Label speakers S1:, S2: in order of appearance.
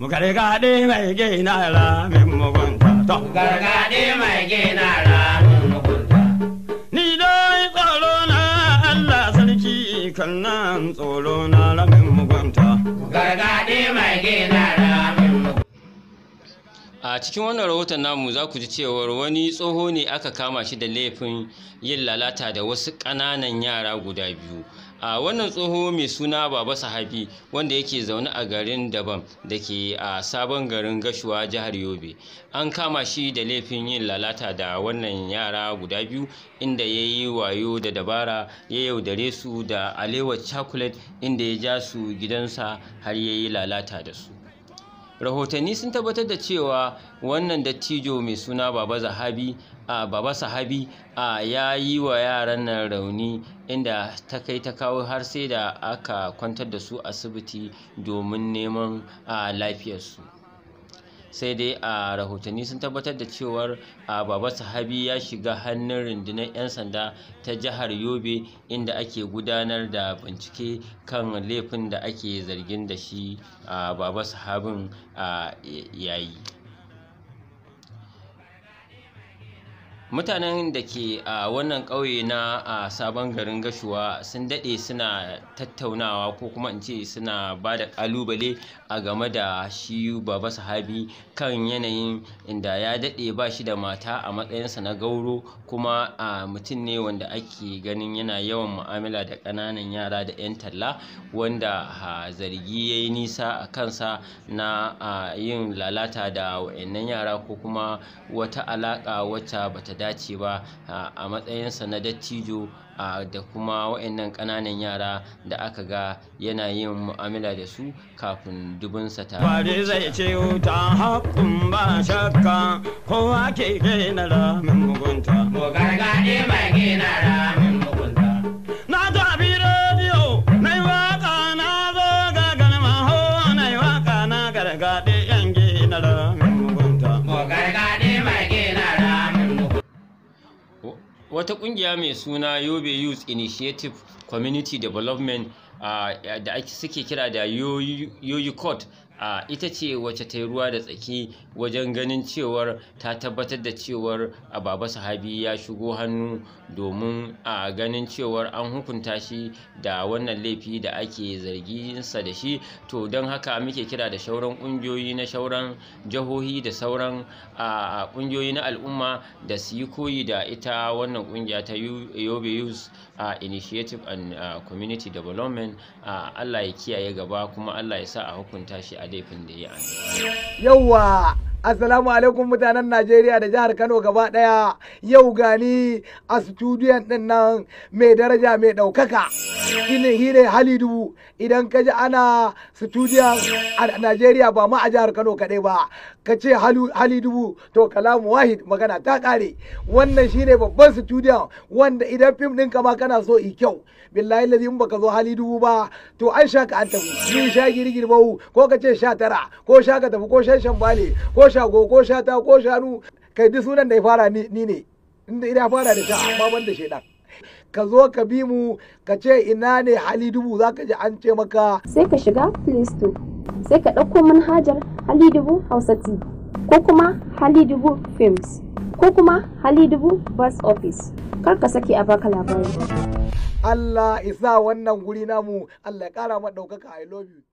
S1: Gargaɗe mai gina la min mugunta. Gargaɗe mai gina la min mugunta. Ni dai tsoro na Allah sarki kan nan tsoro na la min mugunta. Gargaɗe mai gina la min mugunta. A cikin wannan rahoton namu za ku ji cewar wani tsoho ne aka kama shi da laifin yin lalata da wasu ƙananan yara guda biyu. a wannan tsoho mai suna baba sahabi wanda yake zaune a garin daban da ke a sabon garin gashuwa jihar yobe an kama shi da laifin yin lalata da wannan yara guda biyu inda ya yi wayo da dabara ya yaudare su da alewar chocolate inda ya ja su gidansa har ya yi lalata da su rahotanni sun tabbatar da cewa wannan dattijo mai suna baba zahabi a baba sahabi a ya yi wa yaran nan rauni inda ta kai ta kawo har sai da aka kwantar da su asibiti domin neman a lafiyarsu sai dai a rahotanni sun tabbatar da cewar baba sahabi ya shiga hannun rundunar 'yan sanda ta jihar yobe inda ake gudanar da bincike kan laifin da ake zargin da shi baba sahabin yayi mutanen da ke a wannan ƙauye na a sabon garin gashuwa sun daɗe suna tattaunawa ko kuma in ce suna ba da ƙalubale a game da shi baba sahabi kan yanayin inda ya daɗe ba shi da mata a matsayinsa na gauro kuma a mutum ne wanda ake ganin yana yawan mu'amala da ƙananan yara da 'yan talla wanda zargi ya yi nisa a kansa na yin lalata da wa'annan yara ko kuma wata alaƙa wacce bata dace ba a matsayinsa na dattijo da kuma waɗannan ƙananan yara da aka ga yana yin mu'amala da su kafin dubinsa ta Wari zai ce ta haƙun ba shakka kowa ke gina ramin mugunta. Mu gargaɗe mai gina ramin gargaɗe wata kungiya mai suna yobe youth initiative community development uh, da suke kira da court a ita ce wacce ta yi ruwa da tsaki wajen ganin cewar ta tabbatar da cewar a baba sahabi ya shigo hannu domin a ganin cewar an hukunta shi da wannan laifi da ake zarginsa da shi to don haka muke kira da shauran ƙungiyoyi na shauran jihohi da sauran ƙungiyoyi na al'umma da su yi koyi da ita wannan ƙungiya ta yobe a initiative and community development Allah ya kiyaye gaba kuma Allah ya sa a hukunta shi a laifin da ya
S2: yi yawwa Assalamu alaikum mutanen Najeriya da jihar Kano gaba daya yau gani a studiyon din nan mai daraja mai ɗaukaka. Shine hire Halidu idan ka ji ana studiyon a Najeriya ba ma a jihar Kano kaɗai ba. ka ce hali dubu to kalamu wahid magana ta kare wannan shine babban studio wanda idan fim ɗinka ma kana so i kyau billahi lazi in baka zo hali dubu ba to an sha ka an tafi ni sha girgir bahu ko ka ce sha tara ko sha ka tafi ko shan shambale ko sha go ko sha ta ko sha nu kai duk sunan da ya fara ni ne inda ina fara da sha amma da shaidan ka zo ka bi mu ka ce ina ne hali dubu za ka ji an ce maka sai ka shiga please to sai ka ɗauko manhajar halidubu hausa tv ko kuma halidubu films ko kuma halidubu bus office kar ka sake a baka labari Allah isa wannan guri namu Allah ya kara ma ɗaukaka I love you